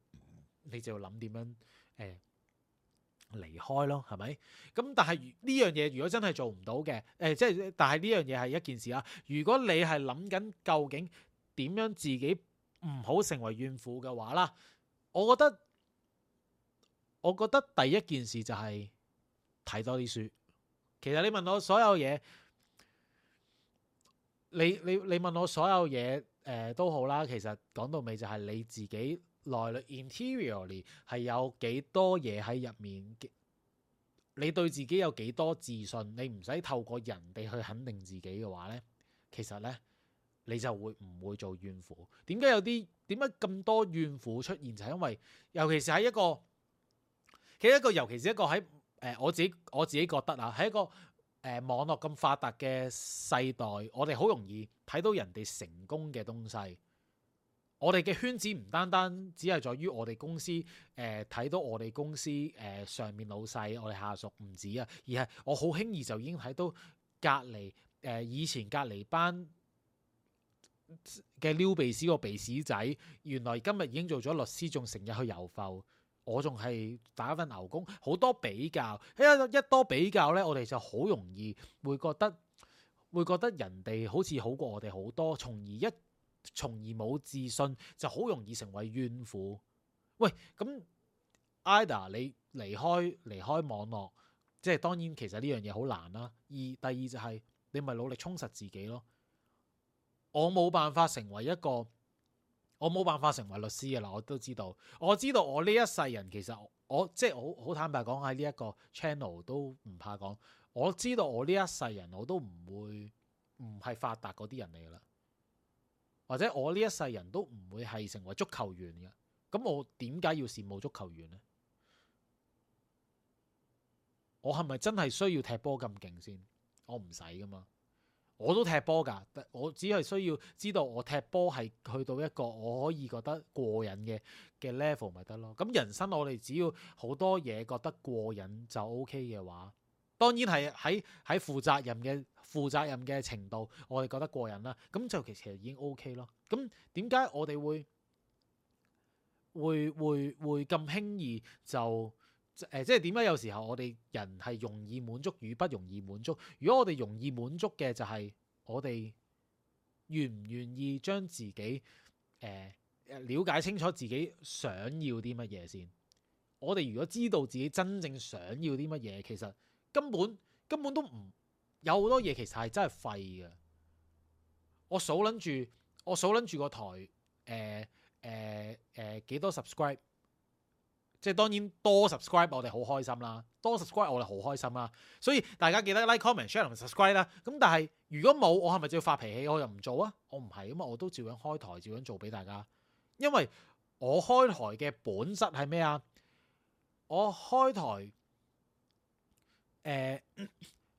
你就要諗點樣誒、呃、離開咯，係咪？咁但係呢樣嘢如果真係做唔到嘅，誒、呃、即係但係呢樣嘢係一件事啦、啊。如果你係諗緊究竟，點樣自己唔好成為怨婦嘅話啦？我覺得我覺得第一件事就係睇多啲書。其實你問我所有嘢，你你你問我所有嘢誒、呃、都好啦。其實講到尾就係你自己內裏 interiorly 係有幾多嘢喺入面，你對自己有幾多自信？你唔使透過人哋去肯定自己嘅話呢？其實呢。你就會唔會做怨婦？點解有啲點解咁多怨婦出現？就係因為，尤其是喺一個，其實一個，尤其是一個喺誒我自己我自己覺得啊，喺一個誒網絡咁發達嘅世代，我哋好容易睇到人哋成功嘅東西。我哋嘅圈子唔單單只係在於我哋公司誒睇到我哋公司誒上面老細，我哋下屬唔止啊，而係我好輕易就已經睇到隔離誒以前隔離班嘅撩鼻屎個鼻屎仔，原來今日已經做咗律師，仲成日去遊埠，我仲係打一份牛工，好多比較，一多比較呢，我哋就好容易會覺得會覺得人哋好似好過我哋好多，從而一從而冇自信，就好容易成為怨婦。喂，咁 Ida，你離開離開網絡，即係當然，其實呢樣嘢好難啦。二，第二就係，你咪努力充實自己咯。我冇辦法成為一個，我冇辦法成為律師嘅喇，我都知道，我知道我呢一世人其實我，我即係好好坦白講喺呢一個 channel 都唔怕講，我知道我呢一世人我都唔會唔係發達嗰啲人嚟噶啦，或者我呢一世人都唔會係成為足球員嘅，咁我點解要羨慕足球員呢？我係咪真係需要踢波咁勁先？我唔使噶嘛。我都踢波㗎，我只係需要知道我踢波係去到一個我可以覺得過癮嘅嘅 level 咪得咯。咁人生我哋只要好多嘢覺得過癮就 OK 嘅話，當然係喺喺負責任嘅負責任嘅程度，我哋覺得過癮啦。咁就其實已經 OK 咯。咁點解我哋會會會會咁輕易就？呃、即係點解有時候我哋人係容易滿足與不容易滿足？如果我哋容易滿足嘅，就係我哋願唔願意將自己誒誒，了解清楚自己想要啲乜嘢先？我哋如果知道自己真正想要啲乜嘢，其實根本根本都唔有好多嘢，其實係真係廢嘅。我數撚住，我數撚住個台誒誒誒，幾多 subscribe？即係當然多 subscribe 我哋好開心啦，多 subscribe 我哋好開心啦，所以大家記得 like、 like, comment、share 同埋 subscribe 啦。咁但係如果冇，我係咪就要發脾氣，我又唔做啊？我唔係，咁嘛，我都照樣開台，照樣做俾大家。因為我開台嘅本質係咩啊？我開台，誒、呃，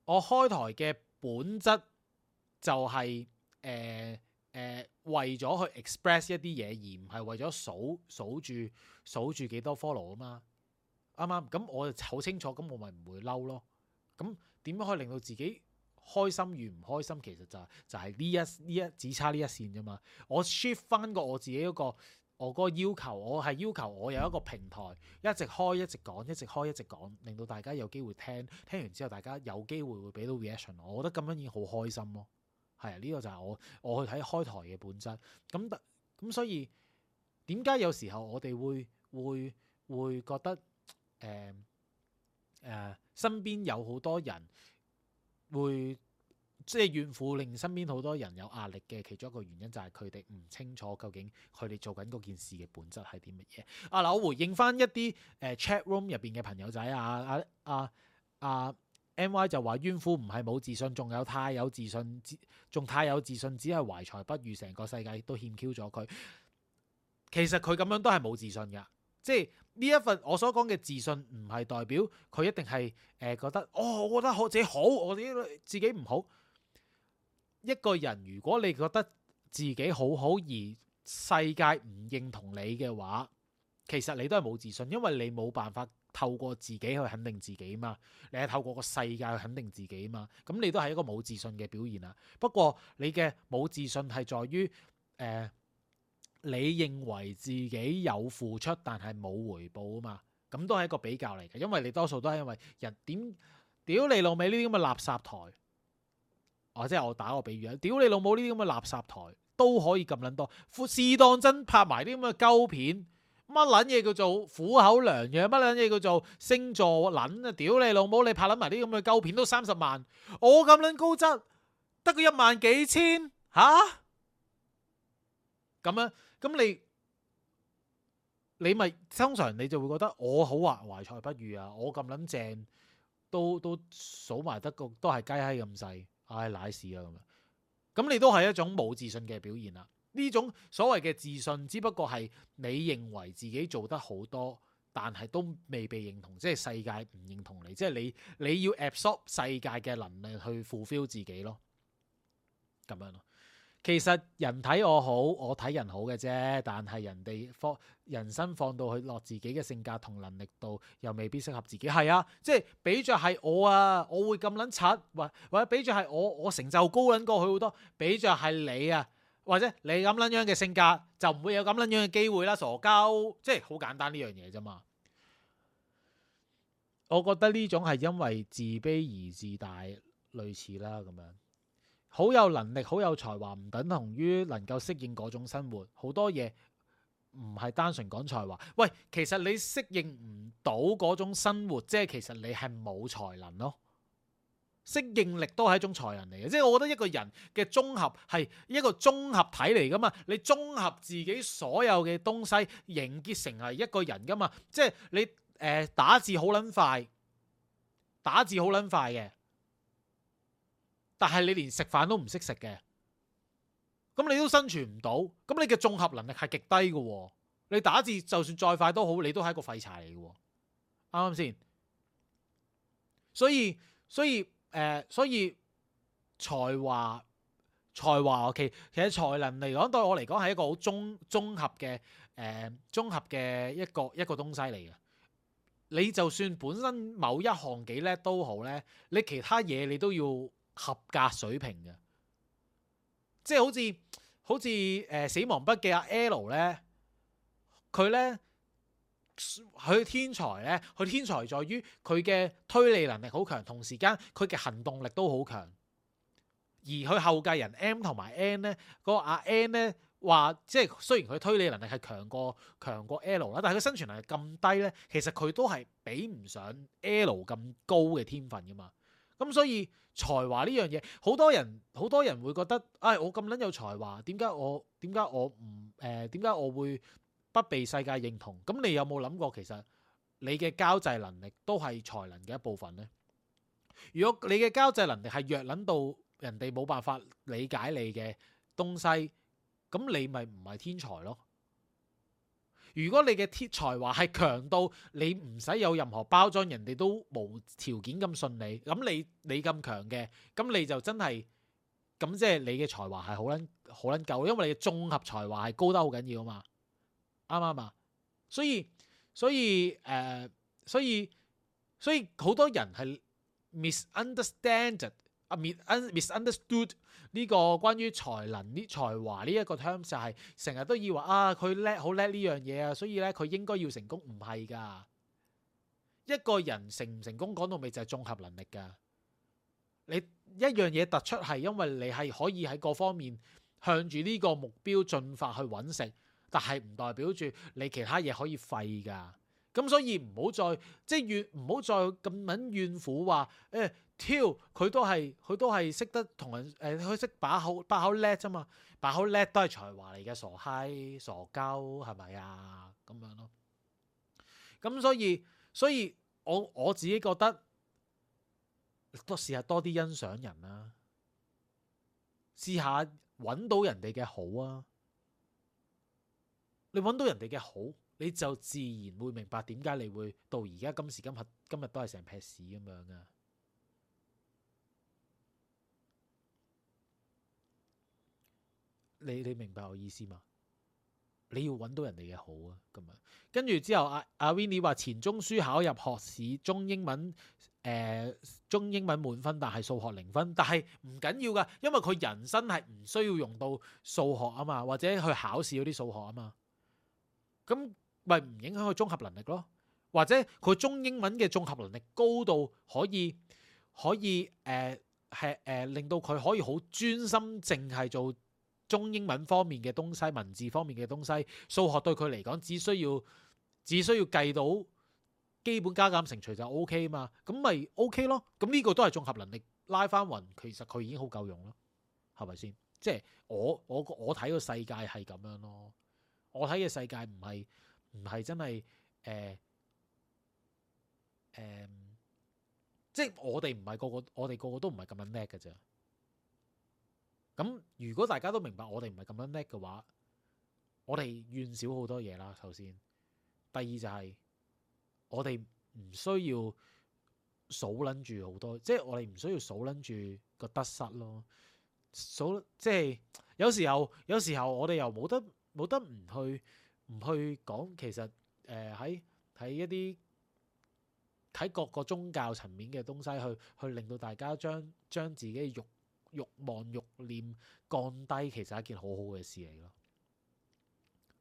我開台嘅本質就係誒誒，為咗去 express 一啲嘢，而唔係為咗數數住。數住幾多 follow 啊嘛，啱啱？咁我就好清楚，咁我咪唔會嬲咯。咁點樣可以令到自己開心與唔開心？其實就係就係呢一呢一只差呢一線啫嘛。我 shift 翻過我自己嗰個我嗰個要求，我係要求我有一個平台，一直開一直講，一直開一直講，令到大家有機會聽。聽完之後，大家有機會會俾到 reaction。我覺得咁樣已經好開心咯。係啊，呢個就係我我去睇開台嘅本質。咁咁所以。點解有時候我哋會會會覺得誒誒、呃呃、身邊有好多人會即係怨婦，令身邊好多人有壓力嘅其中一個原因，就係佢哋唔清楚究竟佢哋做緊嗰件事嘅本質係啲乜嘢？啊嗱，我回應返一啲誒、呃、chat room 入邊嘅朋友仔啊啊啊啊，M Y 就話怨婦唔係冇自信，仲有太有自信，仲太有自信，只係懷才不遇，成個世界都欠 Q 咗佢。其實佢咁樣都係冇自信㗎，即係呢一份我所講嘅自信唔係代表佢一定係誒、呃、覺得哦，我覺得我自己好，我自己自己唔好。一個人如果你覺得自己好好而世界唔認同你嘅話，其實你都係冇自信，因為你冇辦法透過自己去肯定自己嘛，你係透過個世界去肯定自己嘛，咁你都係一個冇自信嘅表現啦。不過你嘅冇自信係在於誒、呃你認為自己有付出，但係冇回報啊嘛？咁都係一個比較嚟嘅，因為你多數都係因為人，人點屌你老味呢啲咁嘅垃圾台，哦，即係我打個比喻啊，屌你老母呢啲咁嘅垃圾台都可以咁撚多，適當真拍埋啲咁嘅鳩片，乜撚嘢叫做虎口良藥，乜撚嘢叫做星座撚啊？屌你老母，你拍撚埋啲咁嘅鳩片都三十萬，我咁撚高質得個一萬幾千吓？咁樣。咁你你咪通常你就會覺得我好啊，懷才不遇啊，我咁撚正都都數埋得個都係雞閪咁細，唉，乃事啊咁樣。咁你都係一種冇自信嘅表現啦。呢種所謂嘅自信，只不過係你認為自己做得好多，但係都未被認同，即係世界唔認同你，即係你你要 absorb 世界嘅能力去 fulfill 自己咯，咁樣咯。其實人睇我好，我睇人好嘅啫。但係人哋放人生放到去落自己嘅性格同能力度，又未必適合自己。係啊，即係俾着係我啊，我會咁撚柒，或或者俾着係我，我成就高撚過佢好多。俾着係你啊，或者你咁撚樣嘅性格，就唔會有咁撚樣嘅機會啦。傻鳩，即係好簡單呢樣嘢啫嘛。我覺得呢種係因為自卑而自大，類似啦咁樣。好有能力、好有才華，唔等同於能夠適應嗰種生活。好多嘢唔係單純講才華。喂，其實你適應唔到嗰種生活，即係其實你係冇才能咯。適應力都係一種才能嚟嘅，即係我覺得一個人嘅綜合係一個綜合體嚟㗎嘛。你綜合自己所有嘅東西凝結成係一個人㗎嘛。即係你誒、呃、打字好撚快，打字好撚快嘅。但係你連食飯都唔識食嘅，咁你都生存唔到，咁你嘅綜合能力係極低嘅哦。你打字就算再快都好，你都係一個廢柴嚟嘅，啱唔啱先？所以所以誒，所以，呃，所以才華才華，OK，其，其實才能嚟講，對我嚟講係一個好綜綜合嘅誒，綜，呃，合嘅一個一個東西嚟嘅。你就算本身某一項幾叻都好呢，你其他嘢你都要。合格水平嘅，即係好似好似誒、呃、死亡筆記阿 L 咧，佢咧佢天才咧，佢天才在於佢嘅推理能力好強，同時間佢嘅行動力都好強。而佢後繼人 M 同埋 N 咧，嗰、嗰個阿 N 咧話，即係雖然佢推理能力係強過強過 L 啦，但係佢生存能力咁低咧，其實佢都係比唔上 L 咁高嘅天分㗎嘛。咁所以才華呢樣嘢，好多人好多人會覺得，唉、哎，我咁撚有才華，點解我點解我唔誒？點解我會不被世界認同？咁你有冇諗過其實你嘅交際能力都係才能嘅一部分咧？如果你嘅交際能力係弱撚到人哋冇辦法理解你嘅東西，咁你咪唔係天才咯？如果你嘅天才華係強到你唔使有任何包裝，人哋都無條件咁信你，咁你你咁強嘅，咁你就真係咁即係你嘅才華係好撚好撚夠，因為你嘅綜合才華係高得好緊要啊嘛，啱唔啱啊？所以所以誒，所以、呃、所以好多人係 misunderstand。misunderstood 呢，啊，這個關於才能呢，才華呢，一個 term 就係成日都以為啊，佢叻好叻呢樣嘢啊，所以咧，佢應該要成功唔係㗎。一個人成唔成功講到尾就係綜合能力㗎。你一樣嘢突出係因為你係可以喺各方面向住呢個目標進發去揾食，但係唔代表住你其他嘢可以廢㗎。咁所以唔好再即係怨，唔好再咁撚怨婦話，誒，挑、欸、佢都係佢都係識得同人誒，佢、呃、識把口，把口叻啫嘛，把口叻都係才華嚟嘅傻閪傻鳩係咪啊？咁樣咯。咁所以所以我我自己覺得都試下多啲欣賞人啦、啊，試下揾到人哋嘅好啊，你揾到人哋嘅好。你就自然會明白點解你會到而家今時今日今日都係成撇屎咁樣㗎！你你明白我意思嗎？你要揾到人哋嘅好啊，咁啊。跟住之後，阿阿 Vinny 話，錢鍾書考入學士，中英文誒、呃、中英文滿分，但係數學零分。但係唔緊要噶，因為佢人生係唔需要用到數學啊嘛，或者去考試嗰啲數學啊嘛。咁咪唔影響佢綜合能力咯，或者佢中英文嘅綜合能力高到可以可以誒係誒令到佢可以好專心，淨係做中英文方面嘅東西、文字方面嘅東西，數學對佢嚟講只需要只需要計到基本加減乘除就 OK 嘛，咁咪 OK 咯。咁呢個都係綜合能力拉返勻，其實佢已經好夠用咯，係咪先？即係我我我睇個世界係咁樣咯，我睇嘅世界唔係。唔係真係誒、呃呃、即係我哋唔係個個，我哋個個都唔係咁樣叻嘅咋，咁如果大家都明白我哋唔係咁樣叻嘅話，我哋怨少好多嘢啦。首先，第二就係、是、我哋唔需要數撚住好多，即係我哋唔需要數撚住個得失咯。數即係有時候，有時候我哋又冇得冇得唔去，唔去講，其實誒喺喺一啲喺各個宗教層面嘅東西去，去去令到大家將將自己欲欲望欲念降低，其實係一件好好嘅事嚟咯。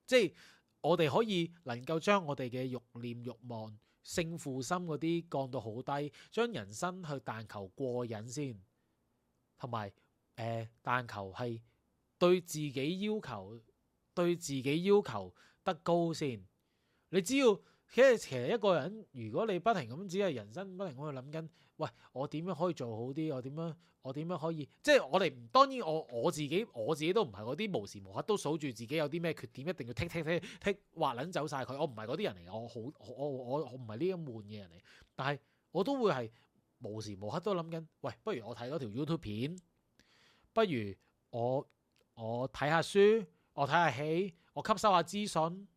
即係我哋可以能夠將我哋嘅欲念欲望勝負心嗰啲降到好低，將人生去但求過癮先，同埋誒但求係對自己要求對自己要求，得高先，你只要其實其一個人，如果你不停咁只係人生不停咁去諗緊，喂，我點樣可以做好啲？我點樣，我點樣可以？即係我哋當然我我自己我自己都唔係嗰啲無時無刻都數住自己有啲咩缺點一定要剔剔剔剔滑撚走晒佢。我唔係嗰啲人嚟，我好我我我唔係呢咁悶嘅人嚟，但係我都會係無時無刻都諗緊，喂，不如我睇嗰條 YouTube 片，不如我我睇下書。我睇下起，我吸收下資訊。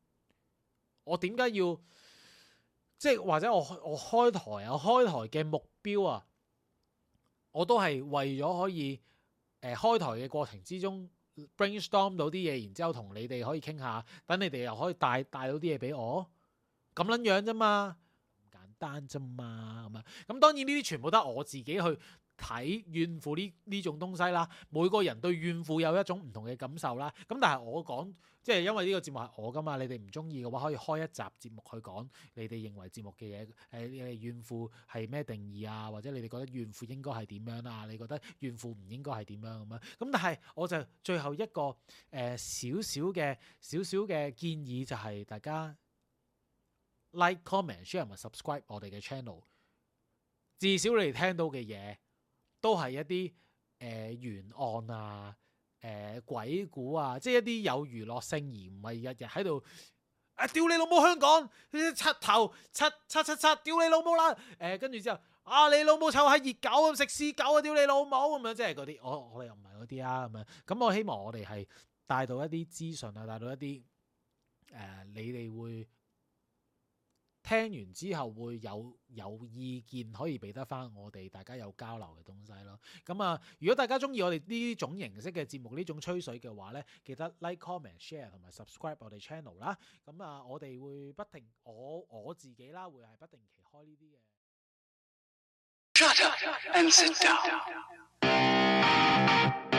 我點解要即係或者我我開台，我開台嘅目標啊，我都係為咗可以誒、呃、開台嘅過程之中 brainstorm 到啲嘢，然之後同你哋可以傾下，等你哋又可以帶帶到啲嘢俾我，咁撚樣啫嘛，唔簡單啫嘛，咁啊，咁當然呢啲全部都係我自己去。睇怨婦呢呢種東西啦，每個人對怨婦有一種唔同嘅感受啦。咁但係我講，即係因為呢個節目係我㗎嘛，你哋唔中意嘅話，可以開一集節目去講你哋認為節目嘅嘢。呃，你哋怨婦係咩定義啊？或者你哋覺得怨婦應該係點樣啊？你覺得怨婦唔應該係點樣咁樣啊？咁但係我就最後一個誒少少嘅少少嘅建議，就係大家 like comment share 同埋 subscribe 我哋嘅 channel，至少你聽到嘅嘢。都係一啲誒懸案啊、誒、呃、鬼故啊，即係一啲有娛樂性而唔係日日喺度啊！屌你老母香港，七頭七七七七，屌你老母啦！誒、呃，跟住之後啊，你老母臭閪熱狗咁，食屎狗啊，屌你老母咁樣，即係嗰啲，我我哋又唔係嗰啲啊咁樣。咁我希望我哋係帶到一啲資訊啊，帶到一啲誒、呃、你哋會。聽完之後會有有意見可以俾得翻我哋，大家有交流嘅東西咯。咁、嗯、啊，如果大家中意我哋呢種形式嘅節目，呢種吹水嘅話呢，記得 like、comment、share 同埋 subscribe 我哋 channel 啦。咁、嗯、啊、嗯，我哋會不定，我我自己啦，會係不定期開呢啲嘅。